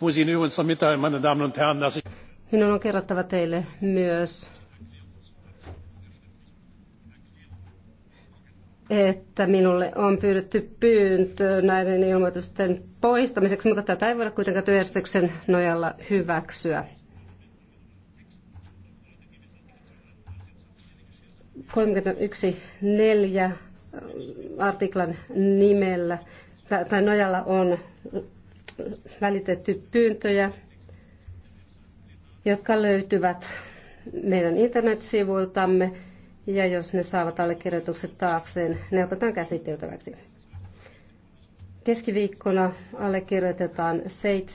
Ich muss Ihnen übrigens noch mitteilen, meine Damen und Herren, dass ich... Minun on kerrottava teille myös, että minulle on pyydetty pyyntö näiden ilmoitusten poistamiseksi, mutta tätä ei voida kuitenkaan työjärjestyksen nojalla hyväksyä. Kolmekymmentäyksi neljä äh, artiklan nimellä tai nojalla on välitetty pyyntöjä, jotka löytyvät meidän internetsivuiltamme ja jos ne saavat allekirjoitukset taakseen, ne otetaan käsiteltäväksi. Keskiviikkona allekirjoitetaan seitsemän.